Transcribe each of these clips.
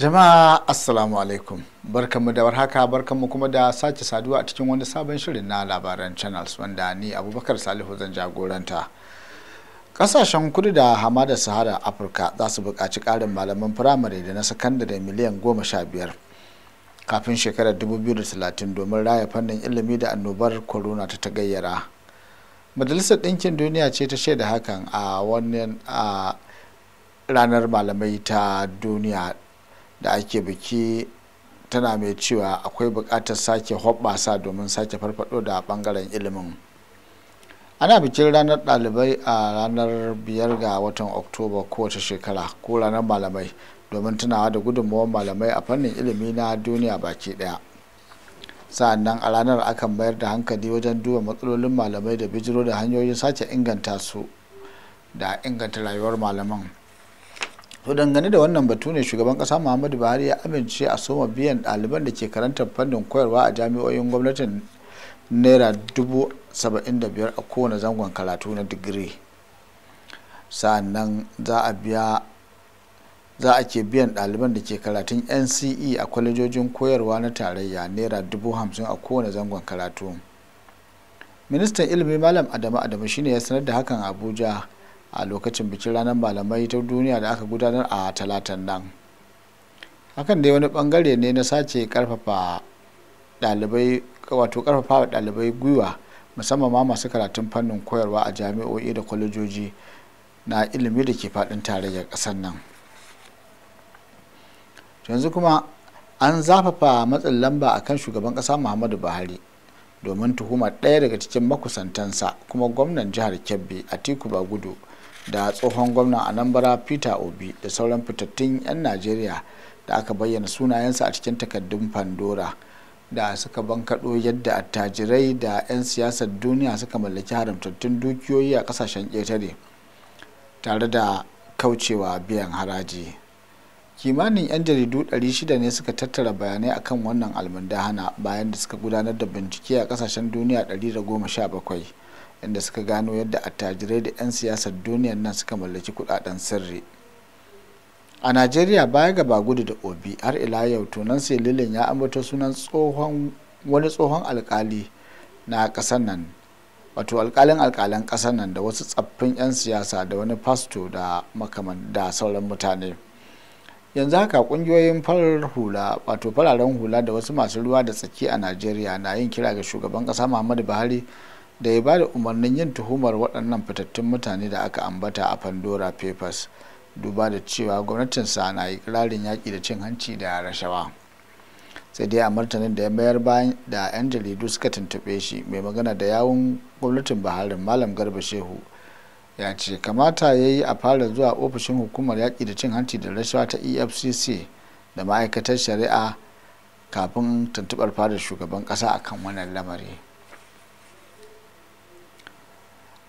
jama'a assalamu alaikum barkanmu da warhaka barkanmu kuma da sake saduwa a cikin wani sabon shirin na labaran channels wanda ni abubakar salihu zan jagoranta kasashen kudu da hamada sahara afirka za su buƙaci ƙarin malaman firamare da na sakandare miliyan goma sha biyar kafin shekarar 2030 domin raya fannin ilimi da annobar corona ta gayyara majalisar ɗinkin duniya ce ta shaida hakan a wannan ranar malamai ta duniya da ake biki tana mai cewa akwai bukatar sake hoɓasa domin sake farfaɗo da ɓangaren ilimin ana bikin ranar ɗalibai a ranar biyar ga watan oktoba kowace shekara ko ranar malamai domin tunawa da gudunmawar malamai a fannin ilimi na duniya baki ɗaya sa'annan a ranar akan mayar da hankali wajen duba matsalolin malamai da bijiro da hanyoyin sace inganta su da inganta rayuwar malaman to dangane da wannan batu ne shugaban kasa muhammadu buhari ya amince a soma biyan ɗaliban da ke karantar fannin koyarwa a jami'o'in gwamnatin naira dubu saba'in da biyar a kowane zangon karatu na digiri sa'annan za a biya za a ke biyan ɗaliban da ke karatun nce a kwalejojin koyarwa na tarayya naira dubu hamsin a kowane zangon karatu ministan ilimi malam adamu adamu shine ya sanar da hakan abuja a lokacin bikin ranar malamai ta duniya da aka gudanar a talatan nan hakan dai wani bangare ne na sace karfafa dalibai wato karfafa dalibai gwiwa musamman ma masu karatun fannin koyarwa a jami'o'i da kwalejoji na ilimi da ke faɗin tarayyar kasar nan yanzu kuma an zafafa matsin lamba a kan shugaban kasa muhammadu buhari domin tuhumar ɗaya daga cikin makusantansa kuma gwamnan jihar kebbi a tiku bagudu gudu da tsohon gwamnan anambra peter obi da sauran fitattun 'yan najeriya da aka bayyana sunayensu a cikin takaddun pandora da suka bankaɗo yadda attajirai da 'yan siyasar duniya suka mallaki haramtattun dukiyoyi a ƙasashen ƙetare tare da kaucewa biyan haraji kimanin 'yan jaridu 600 ne suka tattara bayanai akan wannan almundahana bayan da suka gudanar da bincike a kasashen duniya 117 inda suka gano yadda attajirai da 'yan siyasar duniyar nan suka mallaki kudaden sirri a najeriya baya gaba gudu da obi har ila yau tunan sililin ya ambata sunan wani tsohon alkali na kasar nan wato alkalin alkalan kasar nan da wasu tsaffin 'yan siyasa da wani fasto da makaman da sauran mutane yanzu haka kungiyoyin farar hula wato fararen hula da wasu masu ruwa da tsaki a najeriya na yin kira ga shugaban kasa muhammadu buhari da ya bada umarnin yin tuhumar waɗannan fitattun mutane da aka ambata a pandora papers duba da cewa gwamnatinsa na ikirarin yaƙi da cin hanci da rashawa sai dai a martanin da ya mayar bayan da 'yan jaridu suka tuntuɓe shi mai magana da yawun gwamnatin buharin malam garba shehu ya ce kamata ya yi a fara zuwa ofishin hukumar yaƙi da cin hanci da rashawa ta efcc da ma'aikatar shari'a kafin tuntuɓar fara shugaban ƙasa akan wannan lamari.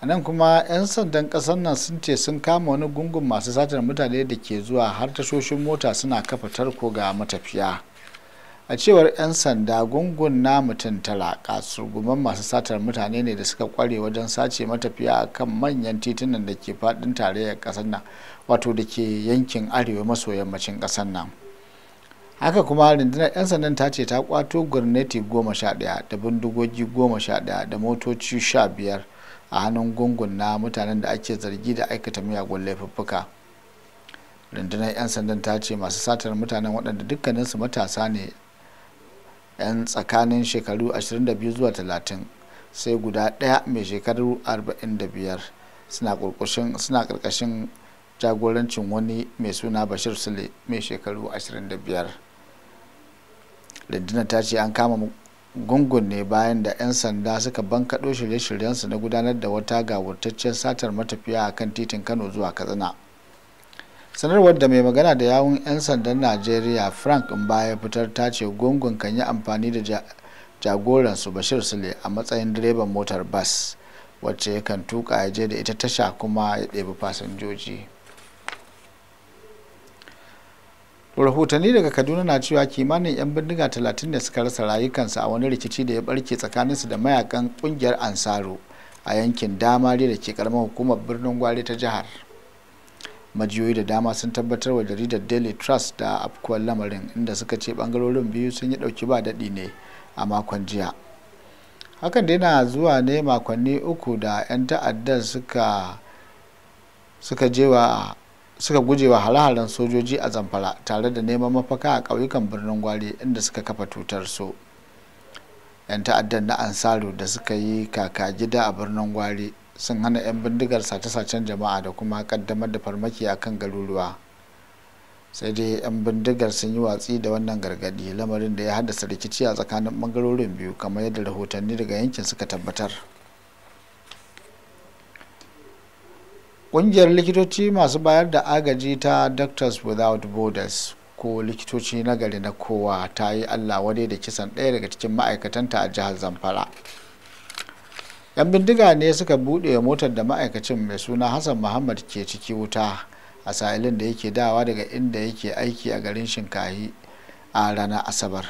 a nan kuma 'yan sandan kasar nan sun ce sun kama wani gungun masu satar mutane da ke zuwa har tashoshin mota suna kafa tarko ga matafiya a cewar 'yan sanda gungun na mutum tara kasurguman masu satar mutane ne da suka kware wajen sace matafiya a kan manyan titunan da ke fadin tarayyar kasar nan wato da ke yankin arewa maso yammacin kasar nan haka kuma rundunar 'yan sandan ta ce ta kwato gurneti goma sha ɗaya da bindigogi goma sha ɗaya da motoci sha biyar a hannun gungun na mutanen da ake zargi da aikata miyagun laifuffuka rundunar 'yan sandan ta ce masu satar mutanen waɗanda dukkaninsu matasa ne 'yan tsakanin shekaru 22 zuwa 30 sai guda ɗaya mai shekaru 45 suna ƙarƙashin jagorancin wani mai suna bashir sule mai shekaru 25 rundunar ta ce an kama gungun ne bayan da 'yan sanda suka bankaɗo shirye-shiryensu na gudanar da wata gawurtaccen satar matafiya a kan titin kano zuwa katsina sanarwar da mai magana da yawun 'yan sandan najeriya frank ya fitar ta ce gungun kan yi amfani da jagoransu bashir sule a matsayin direban motar bas wacce yakan tuka ya je da ita tasha kuma ya ɗebi fasinjoji rahotanni daga kaduna na cewa kimanin 'yan bindiga talatin da suka rasa rayukansu a wani rikici da ya barke tsakaninsu da mayakan kungiyar ansaro a yankin damari da ke karamar hukumar birnin gwari ta jihar majiyoyi da dama sun tabbatar wa jaridar daily trust da afkuwar lamarin inda suka ce bangarorin biyu sun yi dauki ba daɗi ne a makon jiya hakan da yana zuwa ne makonni uku da 'yan ta'addar suka suka jewa suka guje wa hare sojoji a zamfara tare da neman mafaka a ƙauyukan birnin gwari inda suka kafa tutar su 'yan ta'addan na ansaru da suka yi kaka gida a birnin gwari sun hana 'yan bindigar sace-sacen jama'a da kuma kaddamar da farmaki a kan garuruwa sai dai 'yan bindigar sun yi watsi da wannan gargadi lamarin da ya haddasa rikici a tsakanin ɓangarorin biyu kamar yadda rahotanni daga yankin suka tabbatar ƙungiyar likitoci masu bayar da agaji ta doctors without borders ko likitoci na gari na kowa ta yi allah wadai da kisan ɗaya daga cikin ma'aikatanta a jihar zamfara yan bindiga ne suka buɗe motar da ma'aikacin mai suna hassan muhammad ke ciki wuta a sa'ilin da yake dawa daga inda yake aiki a garin shinkahi a ranar asabar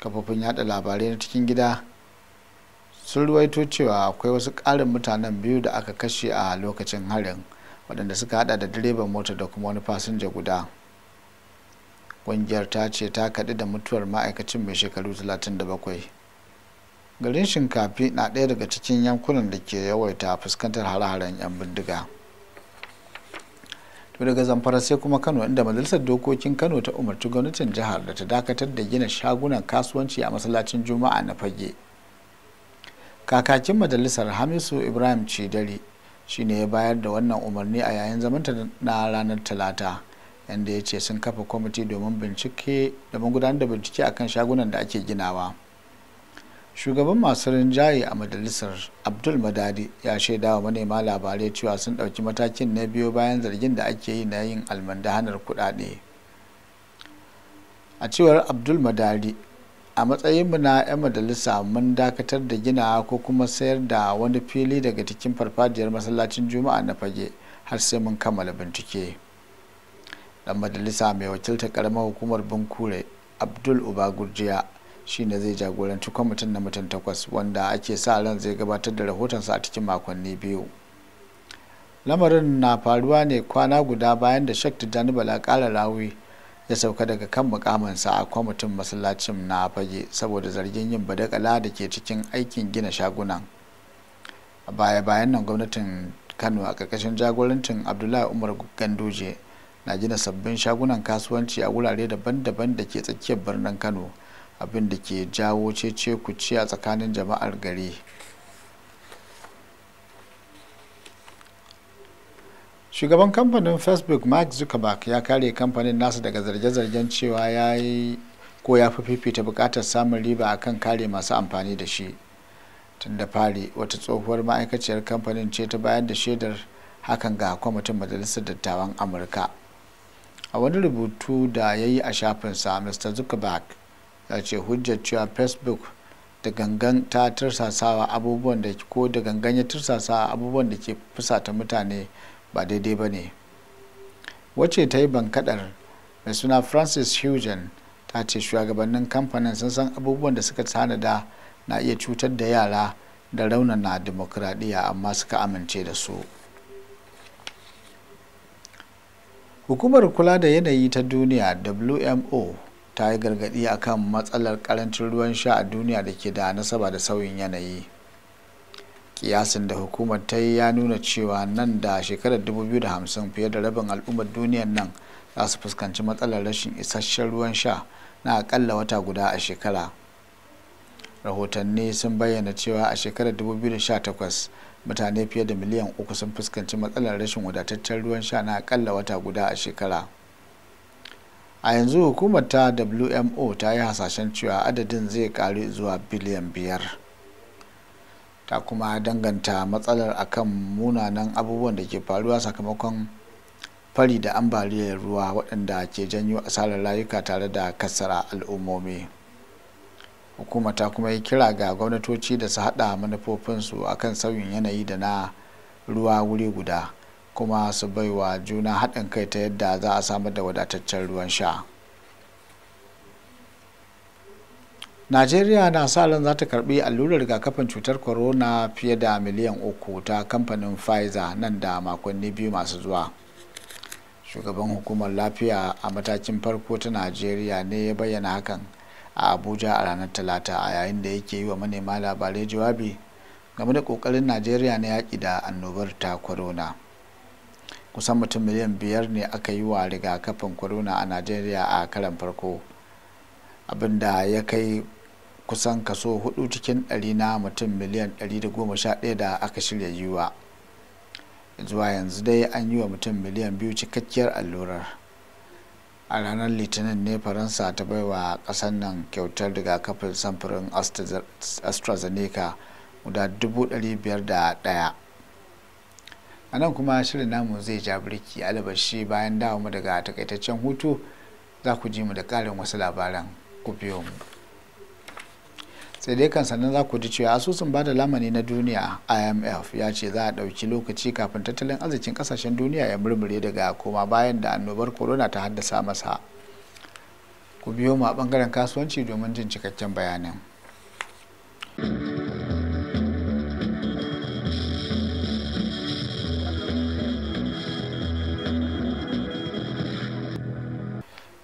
kafofin yada labarai na cikin gida sun ruwaito cewa akwai wasu ƙarin mutanen biyu da aka kashe a lokacin harin waɗanda suka hada da direban mota da kuma wani fasinja guda ƙungiyar ta ce ta kaɗi da mutuwar ma'aikacin mai shekaru 37 garin shinkafi na ɗaya daga cikin yankunan da ke yawaita fuskantar hare-haren 'yan bindiga to daga zamfara sai kuma kano inda majalisar dokokin kano ta umarci gwamnatin jihar da ta dakatar da gina shagunan kasuwanci a masallacin juma'a na fage kakakin majalisar hamisu ibrahim cidari shine ya bayar da wannan umarni a yayin zamanta na ranar talata yadda ya ce sun kafa kwamiti domin bincike domin gudanar da bincike akan shagunan da ake ginawa shugaban masu rinjaye a majalisar abdul madadi ya shaida wa manema labarai cewa sun ɗauki matakin na biyo bayan zargin da ake yi na yin almandahanar kuɗaɗe a cewar abdul madadi a matsayinmu na 'yan majalisa mun dakatar da gina ko kuma sayar da wani fili daga cikin farfajiyar masallacin juma'a na fage har sai mun kammala bincike dan majalisa mai wakiltar karamar hukumar bunkure abdul uba gurjiya ne zai jagoranci kwamitin na mutum takwas wanda ake sa ran zai gabatar da rahotonsa a cikin makonni biyu lamarin na faruwa ne kwana guda bayan da shek janibala bala rawi ya sauka daga kan mukaminsa a kwamitin masallacin na fage saboda zargin yin badakala da ke cikin aikin gina shagunan a baya-bayan nan gwamnatin kano a ƙarƙashin jagorancin abdullahi umar ganduje na gina sabbin shagunan kasuwanci a wurare daban-daban da ke tsakiyar birnin kano abin da ke jawo cece kuci a tsakanin jama'ar gari shugaban kamfanin facebook mark zuckerberg ya kare kamfanin nasa daga zarge-zargen cewa ya yi ko ya fi fifita bukatar samun riba akan kare masu amfani da shi tun da fari wata tsohuwar ma'aikaciyar kamfanin ce ta bayar da shaidar hakan ga kwamitin majalisar dattawan amurka a wani rubutu da ya yi a shafinsa mr zuckerberg ya ce hujjar cewa facebook da gangan ta tursasawa abubuwan ko da gangan ya tursasawa abubuwan da ke fusata mutane ba daidai ba ne wacce ta yi bankadar mai suna francis hugen ta ce shugabannin kamfanin sun san abubuwan da suka tanada na iya cutar da yara da raunana dimokuraɗiyya amma suka amince da su hukumar kula da yanayi ta duniya wmo ta yi gargaɗi akan matsalar karancin ruwan sha a duniya da ke da nasaba da sauyin yanayi kiyasin da hukumar ta yi ya nuna cewa nan da shekarar 2050 fiye da rabin al'ummar duniyar nan za su fuskanci matsalar rashin isasshen ruwan sha na akalla wata guda a shekara rahotanni sun bayyana cewa a shekarar 2018 mutane fiye da miliyan uku sun fuskanci matsalar rashin wadataccen ruwan sha na akalla wata guda a shekara a yanzu hukumar ta wmo ta yi hasashen cewa adadin zai karu zuwa biliyan biyar. ta kuma danganta matsalar akan munanan abubuwan da ke faruwa sakamakon fari da ambaliyar ruwa waɗanda ke janyo asarar rayuka tare da kassara al'ummomi hukuma ta kuma yi kira ga gwamnatoci da su haɗa manufofinsu akan sauyin yanayi da na ruwa wuri guda kuma su baiwa juna haɗin kai ta yadda za a samar da wadataccen ruwan sha. najeriya na sa ran za ta karbi allurar rigakafin cutar corona fiye da miliyan uku ta kamfanin pfizer nan da makonni biyu masu zuwa shugaban hukumar lafiya a matakin farko ta najeriya ne ya bayyana hakan a abuja a ranar talata a yayin da yake yi wa manema labarai jawabi game da kokarin najeriya na yaƙi da annobar ta corona kusan mutum miliyan biyar ne aka yi wa rigakafin corona a najeriya a karan farko abin da ya kai kusan kaso 4 cikin 100 na mutum miliyan 111 da aka shirya yiwa zuwa yanzu dai an yi wa mutum miliyan biyu cikakkiyar allurar a ranar litinin ne faransa ta baiwa kasan nan kyautar rigakafin samfurin astrazeneca guda 501 a nan kuma shirin namu zai ja birki alabashi bayan dawo mu daga takaitaccen hutu za ku ji mu da karin wasu labaran ku biyo mu sai dai kan sannan za ku ji cewa asusun ba da lamani na duniya imf ya ce za a ɗauki lokaci kafin tattalin arzikin ƙasashen duniya ya murmure daga koma bayan da annobar corona ta haddasa masa ku biyo mu a bangaren kasuwanci domin jin cikakken bayanin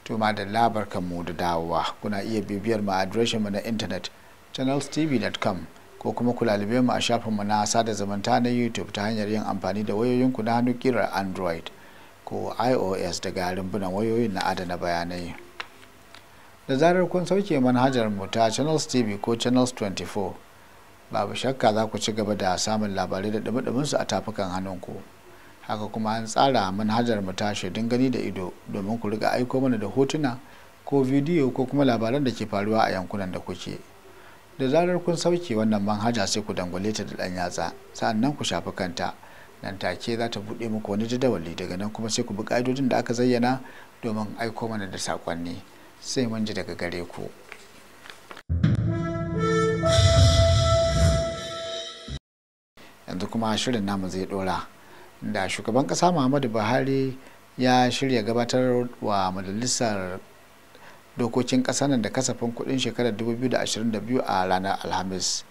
tuma da labar kanmu da dawowa kuna iya bibiyar mu adireshin mu na intanet channelstv.com ko kuma ku lalube mu a shafinmu na sada zumunta na youtube ta hanyar yin amfani da wayoyinku na hannun kirar android ko ios daga rumbunan wayoyin na adana bayanai da zarar kun sauke manhajar mu ta channels tv ko channels 24 babu shakka za ku ci gaba da samun labarai da dumi su a tafukan hannunku haka kuma an tsara manhajar mu ta shaidun gani da ido domin ku riga aiko mana da hotuna ko bidiyo ko kuma labaran da ke faruwa a yankunan da kuke da zarar kun sauke wannan manhaja sai ku dangwale ta da ɗan yatsa sa'annan ku shafi kanta nan take za ta buɗe muku wani jadawali daga nan kuma sai ku bi ƙa'idodin da aka zayyana domin aiko mana da saƙonni sai mun ji daga gare ku. yanzu kuma shirin namu zai dora da shugaban ƙasa muhammadu buhari ya shirya gabatar wa majalisar dokokin ƙasa nan da kasafin kuɗin shekarar 2022 a ranar alhamis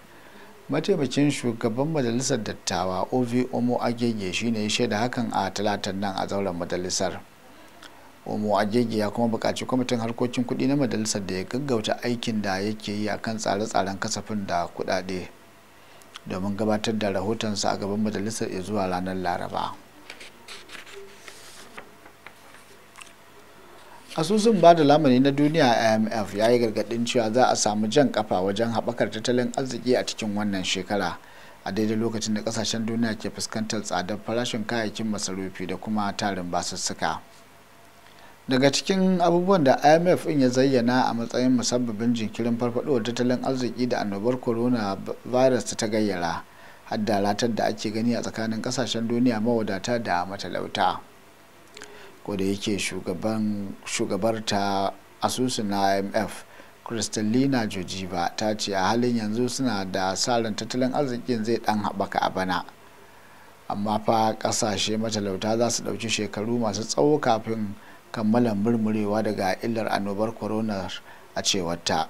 mataimakin shugaban majalisar dattawa ove omo agege shine ya shaida hakan a talatan nan a zauren majalisar omo agege ya kuma buƙaci kwamitin harkokin kuɗi na majalisar da ya gaggauta aikin da yake yi akan tsare-tsaren kasafin da kuɗaɗe domin gabatar da rahotonsa a gaban majalisar zuwa ranar laraba asusun ba da lamani na duniya imf ya yi gargadin cewa za a samu jan kafa wajen haɓakar tattalin arziki a cikin wannan shekara a daidai lokacin da kasashen duniya ke fuskantar tsadar farashin kayayyakin masarufi da kuma tarin basussuka daga cikin abubuwan da imf in ya zayyana a matsayin musabbabin jinkirin farfadowar tattalin arziki da annobar corona virus ta gayyara har da ratar da ake gani a tsakanin kasashen duniya mawadata da matalauta da yake shugabar ta asusun na imf kristalina jojiba ta ce a halin yanzu suna da tsarin tattalin arzikin zai dan haɓaka a bana amma fa ƙasashe matalauta za su ɗauki shekaru masu tsawo kafin kammala murmurewa daga illar annobar corona a cewar ta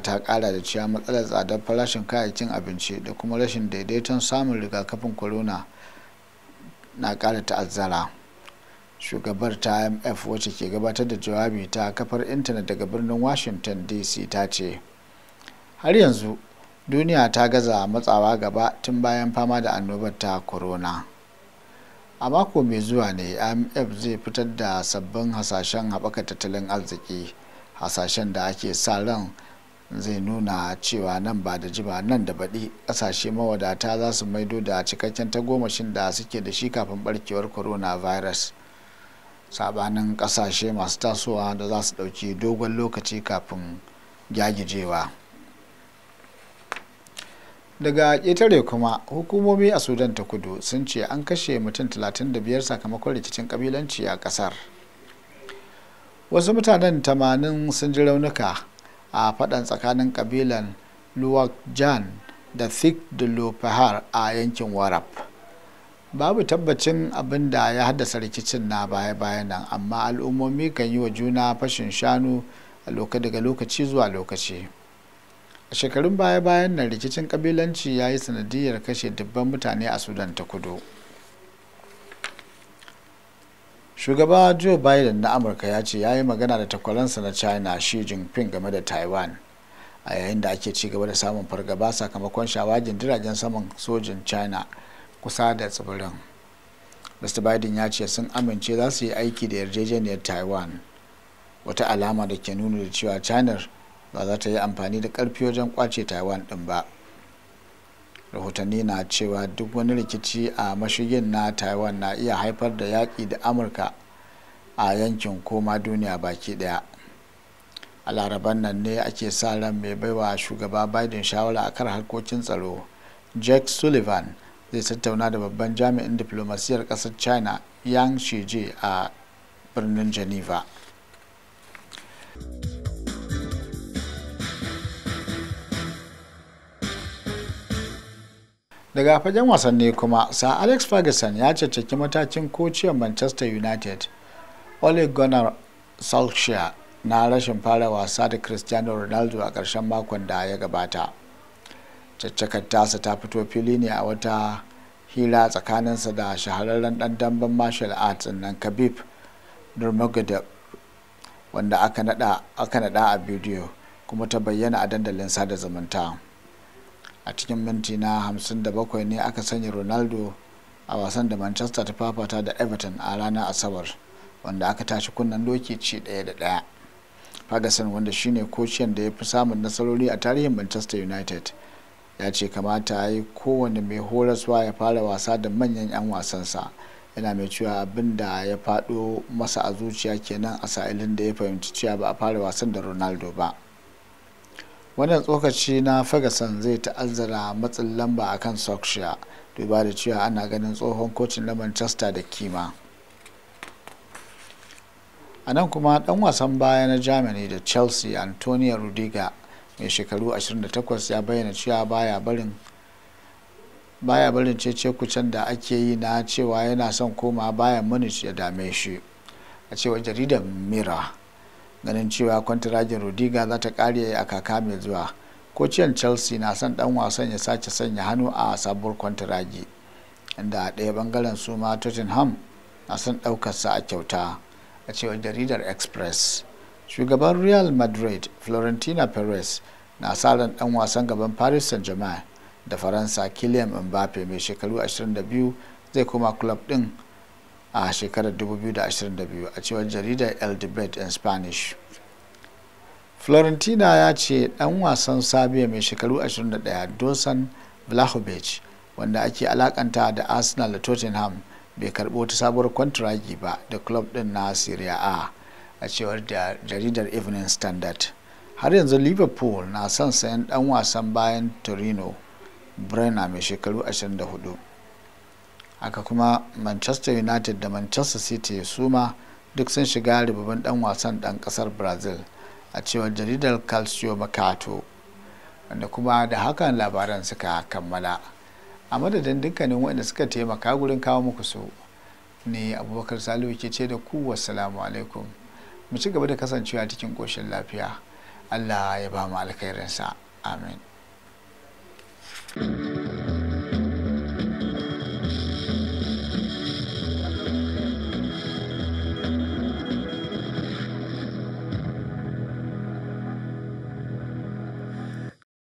ta ƙara da cewa matsalar tsadar farashin kayayyakin abinci da kuma rashin daidaiton samun rigakafin corona na ƙara ta'azzara. shugabar ta imf wacce ke gabatar da jawabi ta kafar intanet daga birnin washington dc ta ce har yanzu duniya ta gaza matsawa gaba tun bayan fama da annobar ta corona a mako mai zuwa ne imf zai fitar da sabbin hasashen haɓaka tattalin arziki hasashen da ake sa ran zai nuna cewa nan ba da jiba nan da baɗi ƙasashe mawadata za su maido da cikakken tagomashin da suke da shi kafin barkewar coronavirus. virus sabanin kasashe masu tasowa da za su ɗauki dogon lokaci kafin gyagijewa daga ƙetare kuma hukumomi a sudan ta kudu sun ce an kashe mutum 35 sakamakon rikicin kabilanci a ƙasar wasu mutanen 80 sun ji raunuka a faɗan tsakanin kabilan luwak jan da thik Lopahar a yankin warab babu tabbacin abin da ya haddasa rikicin na baya-bayan nan amma al'ummomi kan yi wa juna fashin shanu daga lokaci zuwa lokaci a shekarun baya-bayan nan rikicin kabilanci ya yi sanadiyar kashe dubban mutane a sudan ta kudu shugaba joe biden na amurka ya ce ya yi magana da takwaransa na china shi jinping game da taiwan a yayin da ake ci gaba da samun fargaba sakamakon shawagin jiragen saman sojin china kusa da tsibirin mr biden ya ce sun amince za su yi aiki da yarjejeniyar taiwan wata alama da ke nuna da cewa china ba za ta yi amfani da karfi wajen kwace taiwan din ba rahotanni na cewa duk wani rikici a mashigin na taiwan na iya haifar da yaƙi da amurka a yankin koma duniya baki daya a laraban nan ne ake sa ran mai baiwa shugaba biden shawara a kan harkokin tsaro jack sullivan zai tattauna da babban jami'in diplomasiyar kasar china yang shije a birnin geneva daga fagen wasanni kuma sir alex ferguson ya caccaki matakin kociyar manchester united ole gunnar solskjaer na rashin fara wasa da cristiano ronaldo a ƙarshen makon da ya gabata caccakar tasa ta fito fili ne a wata hira tsakaninsa da shahararren dan damben martial arts nan khabib nurmagomedov wanda aka nada a bidiyo kuma ta bayyana a dandalin sada zumunta a cikin minti na 57 ne aka sanya ronaldo a wasan da manchester ta fafata da everton a ranar asabar wanda aka tashi kunnen doki ci daya da daya ferguson wanda shine kociyan da ya fi samun nasarori a tarihin manchester united ya ce kamata ya yi kowane mai horaswa ya fara wasa da manyan 'yan wasansa yana mai cewa abin da ya faɗo masa a zuciya kenan a sa'ilin da ya fahimci cewa ba a fara wasan da ronaldo ba wannan tsokaci na ferguson zai ta'azzara matsin lamba a kan Solskjaer duba da cewa ana ganin tsohon kocin na manchester da kima a nan kuma dan wasan baya na germany da chelsea antonio rudiger mai shekaru 28 ya bayyana cewa baya barin baya barin cece kucen da ake yi na cewa yana son koma bayan munich ya dame shi a cewar jaridar mira ganin cewa kwantarajin rodiga za ta kare a kaka mai zuwa kociyar chelsea na son dan wasan ya sace sanya hannu a sabuwar kwantiragi inda a ɗaya bangaren su ma tottenham na son ɗaukarsa a kyauta a cewar jaridar express shugaban real madrid florentina perez na sa ran dan wasan gaban paris saint-germain da faransa kylian mbappe mai shekaru 22 zai koma club din a shekarar 2022 a cewar jaridar el debate in spanish florentina ya ce dan wasan sabiya mai shekaru 21 dosan vlahovic wanda ake alakanta da arsenal da tottenham bai karbo ta sabuwar kwantiragi ba da club din na syria a a cewar da jaridar evening standard har yanzu liverpool na son sayan dan wasan bayan torino brenner mai shekaru 24 haka kuma manchester united da manchester city su ma duk sun shiga ribabin dan wasan dan kasar brazil a cewar jaridar calcio mercato wanda kuma da hakan labaran suka kammala a madadin dukkanin wanda suka taimaka gurin kawo muku su ne abubakar salihu ke ce da ku wasu alaikum mu ci gaba da kasancewa cikin ƙoshin lafiya allah ya ba mu alkhairinsa amin